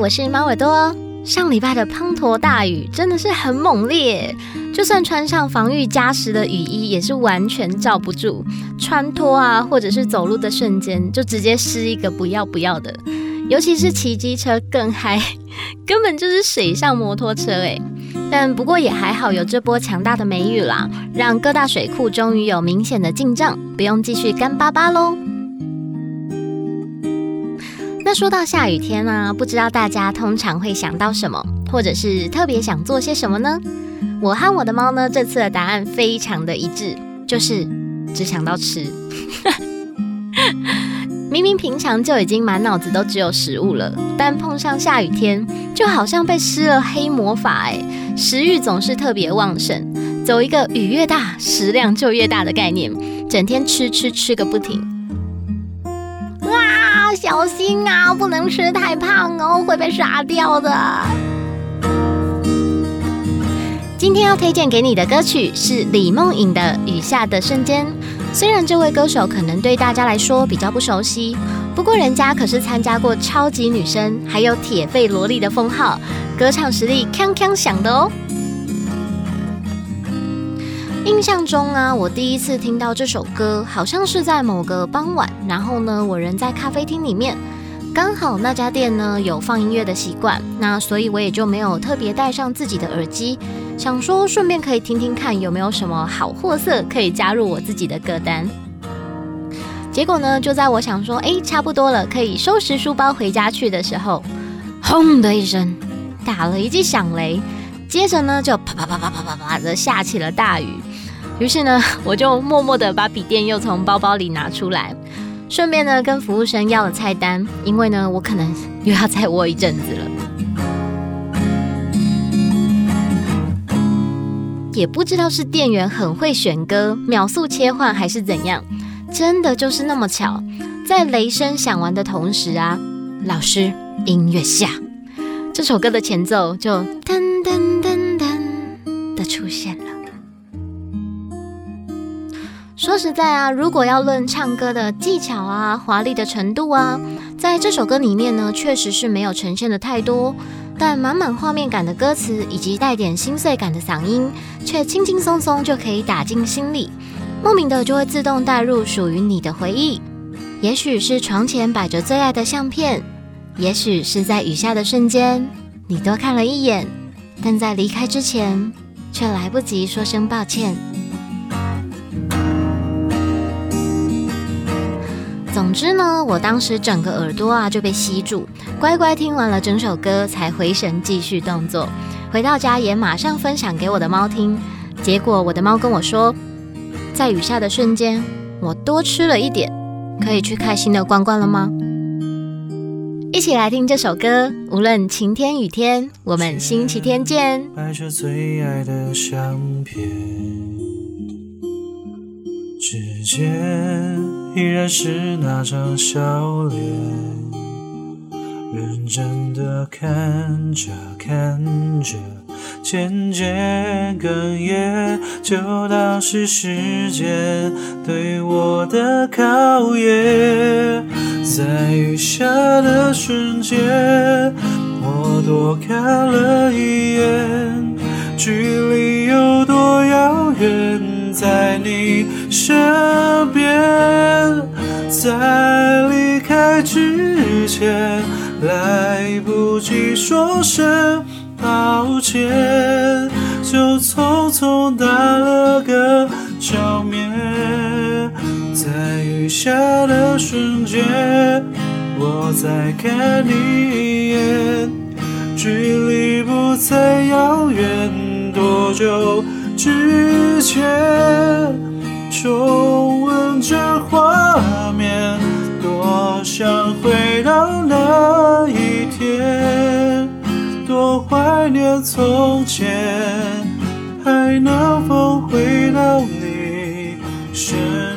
我是馬尾多。上禮拜的滂沱大雨真的是很猛烈，就算穿上防禦加持的雨衣，也是完全罩不住。穿脫啊，或者是走路的瞬間，就直接濕一個不要不要的。尤其是騎機車更嗨，根本就是水上摩托車誒，但不過也還好，有這波強大的梅雨啦，讓各大水庫終於有明顯的進賬，不用繼續乾巴巴嘍。那說到下雨天呢、啊，不知道大家通常會想到什麼，或者是特別想做些什麼呢？我和我的貓呢，這次的答案非常的一致，就是只想到吃。 明明平常就已經滿腦子都只有食物了，但碰上下雨天，就好像被施了黑魔法、欸，哎，食慾總是特別旺盛，走一個雨越大食量就越大的概念，整天吃吃吃個不停。小心啊，不能吃太胖哦，會被殺掉的。今天要推薦給你的歌曲是李夢穎的《雨下的瞬間》。雖然這位歌手可能對大家來說比較不熟悉，不過人家可是參加過《超級女聲》還有《鐵肺蘿莉》的封號，歌唱實力鏗鏘響響的哦。印象中啊，我第一次聽到這首歌，好像是在某個傍晚。然後呢，我人在咖啡廳裡面，剛好那家店呢有放音樂的習慣，那所以我也就沒有特別戴上自己的耳機，想說順便可以聽聽看有沒有什麼好貨色可以加入我自己的歌單。結果呢，就在我想說誒，差不多了，可以收拾書包回家去的時候，轟的一聲，打了一記響雷。接着呢，就啪啪啪啪啪啪啪的下起了大雨。於是呢，我就默默的把筆電又從包包裡拿出來，順便呢跟服務生要了菜單，因為呢我可能又要再窩一陣子了。也不知道是店員很會選歌，秒速切換還是怎樣，真的就是那麼巧，在雷聲響完的同時啊，老師音樂下這首歌的前奏就。出現了。說實在啊，如果要論唱歌的技巧啊、華麗的程度啊，在這首歌裡面呢，確實是沒有呈現的太多。但滿滿畫面感的歌詞，以及帶點心碎感的嗓音，卻輕輕鬆鬆就可以打進心裡，莫名的就會自動帶入屬於你的回憶。也許是床前擺着最愛的相片，也許是在雨下的瞬間，你多看了一眼，但在離開之前。卻來不及說聲抱歉。總之呢，我當時整個耳朵啊就被吸住，乖乖聽完了整首歌才回神繼續動作。回到家也馬上分享給我的貓聽，結果我的貓跟我說：“在雨下的瞬間，我多吃了一點，可以去開心的逛逛了嗎？”一起來聽這首歌。無論晴天雨天，我們星期天見。擺在雨下的瞬間，我多看了一眼，距離有多遙遠，在你身邊，在離開之前，來不及說聲抱歉，就匆匆打了個照面，在雨下。瞬間，我再看你一眼，距離不再遙遠。多久之前，重溫這畫面，多想回到那一天，多懷念從前，還能否回到你身？